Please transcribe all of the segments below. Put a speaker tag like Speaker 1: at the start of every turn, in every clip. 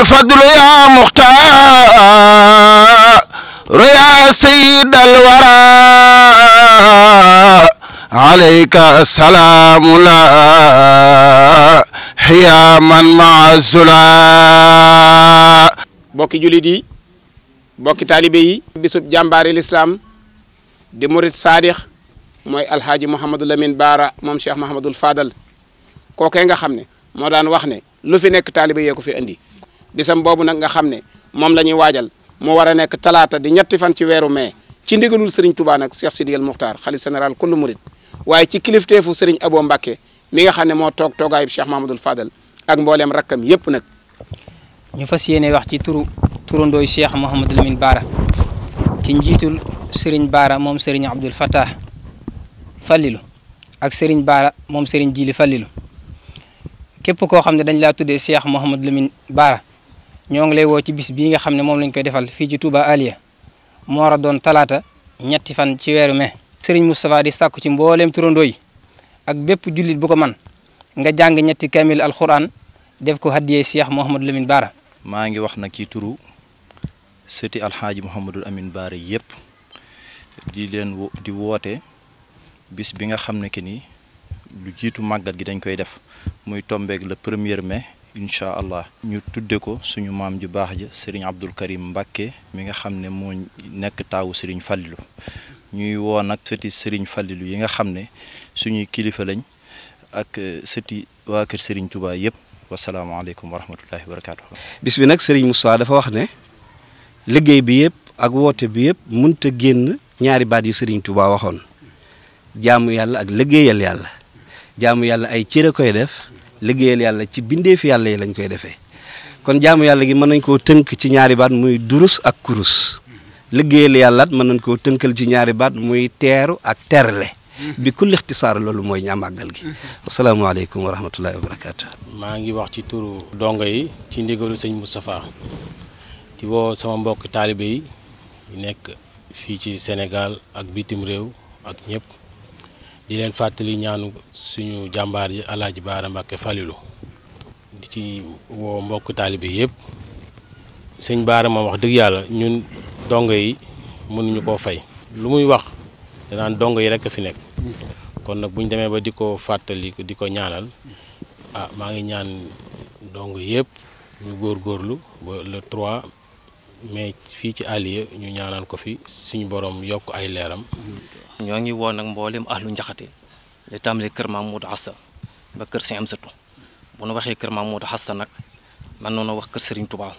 Speaker 1: الفضل يا مختار يا سيد الورى عليك السلام لا يا من مع الزلا
Speaker 2: bokki jullit bokki taalibe bisub jàmbaari lislaam di murit saadix mooy alhaaji Mouhamadou Lamine Baara moom Cheikh Mahamadul Fadal kookee nga xam ne moo daan wax ne lu fi nekk taalibe ye ko fi andi bisam bobu nak nga xamne mom lañuy wadjal mo wara nek talata di ñetti fan ci wéru mai ci ndigalul Serigne Touba nak Cheikh sidiel Mokhtar xalif général kullu murid waye ci kilifteefu Serigne Abo Mbacké mi nga xamne mo tok toog Cheikh mamadou fadel ak mbollem rakam yëpp nak
Speaker 3: ñu fas yéene wax ci turu turu ndoy Cheikh mohammedou Min bara ci njitul Serigne bara mom Serigne Abdul fatah Fallilu ak Serigne bara mom Serigne Jili Fallilu képp koo xam ne dañ laa tuddee Cheikh Mouhamadul lamine bara ñoo ngi lay wo ci bis bi nga xamne mom lañ koy defal fi ci Touba Aliya mo war doon talata ñetti fan ci wéru me Serigne Moustapha di sakku ci mbooleem turondoy ak bép julit bu ko man nga jang ñetti kamil alquran def ko hadiyé Cheikh Lamine Bara. ma ngi wax nag ci turu Seti Alhaji Mouhamadou Amin Bara yépp di len di woté bis bi nga xamne ne ni lu jitu magal gi dañ koy def muy le premier mai. incha allah ñu tudde ko suñu maam ju baax ja sëriñ Abdul Karim Mbàkke mi nga xam ne moo nekk taawu sëriñ Fàllilu ñuy woo nag sëti sëriñ Fàllilu yi nga xam ne suñuy kilifa lañ ak euh, sëti waa kër sëriñ Tuubaa yëpp wasalaamaaleykum wa rahmatullahi wa barakaatu.
Speaker 2: bis bi nag sëriñ Moussa dafa wax ne liggéey bi yëpp ak woote bi yëpp mënta génn ñaari baat yu sëriñ Tuubaa waxoon jaamu yàlla ak liggéeyal yàlla jaamu yàlla ay cër koy def. liggéeyal yàlla ci bindeef yàlla yi lañ koy defee kon jaamu yàlla gi mën nañ koo tënk ci ñaari baat muy durus ak kurus liggéeyal yàlla mën nañ koo tënkal ci ñaari baat muy teeru ak terle bi kulli ixtisaar loolu mooy ñaa gi asalaamaaleykum wa rahmatullahi wa barakaatu
Speaker 1: maa ngi wax ci turu dongo yi ci ndigalu sëñ Moustapha di woo sama mbokk taalibe yi nekk fii ci senegal ak bitim réew ak ñëpp di leen fàttali ñaanu suñu jàmbaar ji Alaaji Baara Mbàkke Falilu di ci woo mbokk taalibe yëpp sëñ Baara moom wax dëgg yàlla ñun dongo yi mënuñu koo fay lu muy wax danaan dongo yi rekk fi nekk kon nag buñ demee ba di ko fàttali di ko ñaanal ah maa ngi ñaan dongo yëpp ñu góorgóorlu ba le 3 mais fii ci Alieu ñu ñaanal ko fi suñu
Speaker 3: borom yokk ay leeram. ñoo ngi woon nag mboolem ahlu njaxate li tàmbalee kër Mamoudou Hassa ba kër Sëñ Amsatu bu nu waxee kër Mamoudou Hassa nag man noonu wax kër Serigne Touba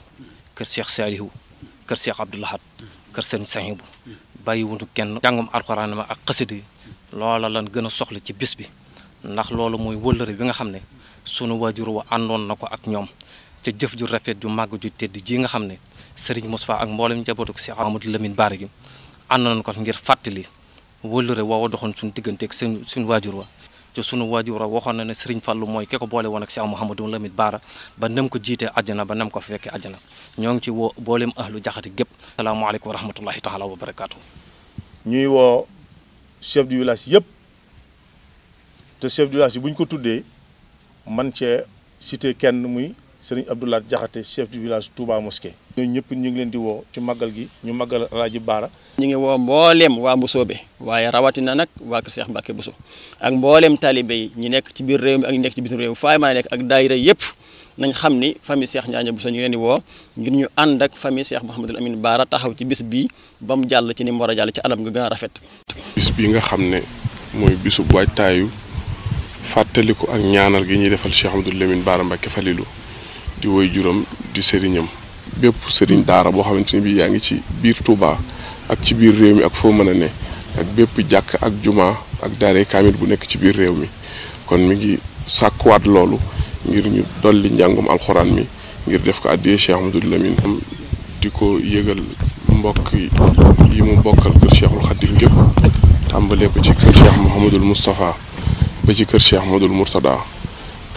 Speaker 3: kër Cheikh Salihu kër Cheikh Abdou Lahad kër Serigne kenn jàngum alxuraan ma ak xasida loola lan gën a soxla ci bis bi ndax loolu mooy wëllëre bi nga xam ne sunu waajur wa àndoon na ko ak ñoom ca jëf ju rafet ju màgg ju tedd ji nga xam ne. sëriñ Moustapha ak mboolem njabootu si Amadou Lamine Bara gi ànd nañ ko ngir fàttali wëllëre woowa doxoon suñu digganteeg seen suñu waajur wa te suñu waajur wa waxoon na ne sëriñ Fallou mooy ke ko boole woon ak Cheikh Mouhamadou Lamine Bara ba nam ko jiitee àjjana ba nam ko fekkee àjjana ñoo ngi ci woo booleem ahlu jaxati gépp salaamaaleykum wa rahmatullahi taala wa barakaatu
Speaker 4: ñuy woo chef du village yëpp te chef bu ñu ko tuddee man cee cité kenn muy sëriñ Abdoulaye Jaxate chef du village Touba Mosquée ñoo ñëpp ñu ngi leen di woo ci màggal gi ñu màggal Alaaji Baara ñu ngi woo
Speaker 1: mbooleem waa Mbusoobe waaye rawatina nag waa Kër cheikh Mbàkke Buso ak mbooleem taalibe yi ñi nekk ci biir réew mi ak ñi nekk ci bitim réew faay maa nekk ak daayira yëpp nañ xam ni famille Cheikh ñaña Bousso ñu leen di woo ngir ñu ànd ak famille Cheikh Mouhamadul Amine Baara taxaw ci bis bi bam mu jàll ci ni mu war a jàll ci anam nga gën rafet.
Speaker 4: bis bi nga xam ne mooy bisu waajtaayu fàttaliku ak ñaanal gi ñuy defal Cheikh Mouhamadul lamine Baara Mbacke falilu di woy juróom di sëriñam bépp sëriñ daara boo xamante ni bii yaa ngi ci biir Touba ak ci biir réew mi ak foo mën a ne ak bépp jàkk ak juma ak daaree kaamil bu nekk ci biir réew mi kon mi ngi sàkkuwaat loolu ngir ñu dolli njàngum alxuraan mi ngir def ko àddiyee Cheikh Ahmadou Lamine di ko yëgal mbokk yi mu bokkal kër Cheikhul Khadim gépp ba ci kër Cheikh Ahmadul Mourtada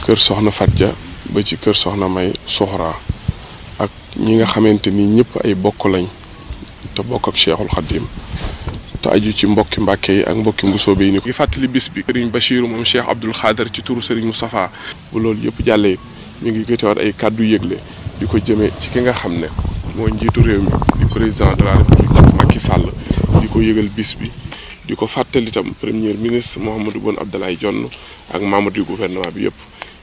Speaker 4: kër Soxna Fatja ba ci kër Soxna May Soxra ñi nga xamante ni ñëpp ay bokk lañ te bokk ak Cheikhul Khadim te aju ci mbokki Mbàkke yi ak mbokki Mbusoobe yi ni ko fàttali bis bi Serigne Bachir moom Cheikh Abdoul Khader ci turu Serigne Moustapha bu loolu yëpp jàllee mu ngi yëkkatiwaat ay kàddu yëgle di ko jëmee ci ki nga xam ne moo njiitu réew mi di président de la République di ko yëgal bis bi di ko fàttali itam premier ministre Mouhamadou Boun Abdallah Dionne ak membre du gouvernement bi yëpp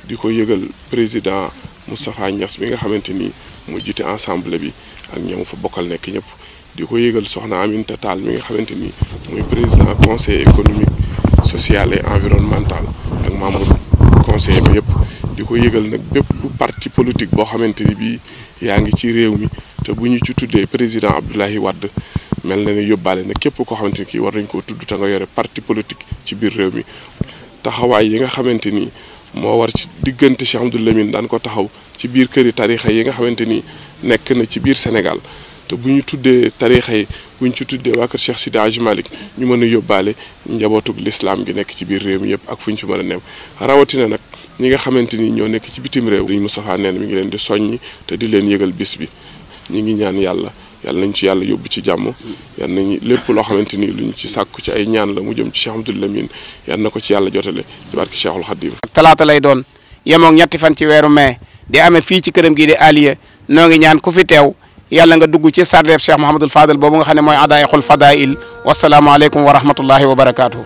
Speaker 4: di ko yëgal président Moustapha Niass mi nga xamante ni mu jiite ensemble bi ak ñoom fa bokkal nekk ñëpp di ko yëgal soxna Aminata Tall mi nga xamante ni mooy président conseil économique social et environnemental ak membre conseil bi yëpp di ko yëgal nag bépp parti politique boo xamante ni bii yaa ngi ci réew mi te bu ñu ci tuddee président Abdoulaye wadd mel na ne yóbbaale na képp koo xamante ni kii war nañ koo tudd te nga yore parti politique ci biir réew mi taxawaay yi nga xamante ni moo war ci diggante Cheikh Abdou Lamine daan ko taxaw ci biir këri tarixa yi nga xamante ni nekk na ci biir Sénégal te bu ñu tuddee tarixa yi bu ñu ci tuddee waa kër Cheikh Sidi Hadj Malick ñu mën a yóbbaale njabootug lislaam gi nekk ci biir réew mi yëpp ak fu ñu ci mën a nem rawatina nag ñi nga xamante ni ñoo nekk ci bitim réew dañ Moustapha neen mi ngi leen di soññi te di leen yëgal bis bi ñu ngi ñaan yàlla yàlla nañ ci yàlla yóbbu ci jàmm yàlla nañ lépp loo xamante ni luñ ci sàkku ci ay ñaan la mu jëm ci Cheikh Amadou Lamine yàlla na ko ci yàlla jotale ci barke Cheikhul
Speaker 2: Khadim mai di amee fii ci këram gi di Aliya noo ngi ñaan ku fi teew yàlla nga dugg ci sardeeb Cheikh Mouhamadul Fadal boobu nga xam ne mooy adaayixul fadail wasalaamualeykum wa rahmatullahi wa barakaatu.